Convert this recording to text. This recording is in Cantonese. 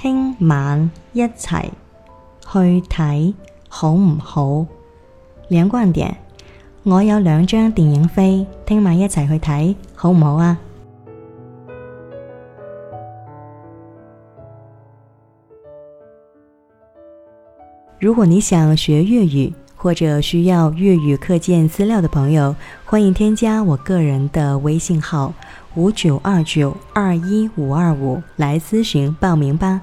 聽晚一齊去睇好唔好？兩個人點啊？我有兩張電影飛，聽晚一齊去睇好唔好啊？如果你想學粵語或者需要粵語課件資料的朋友，歡迎添加我個人的微信號五九二九二一五二五來諮詢報名吧。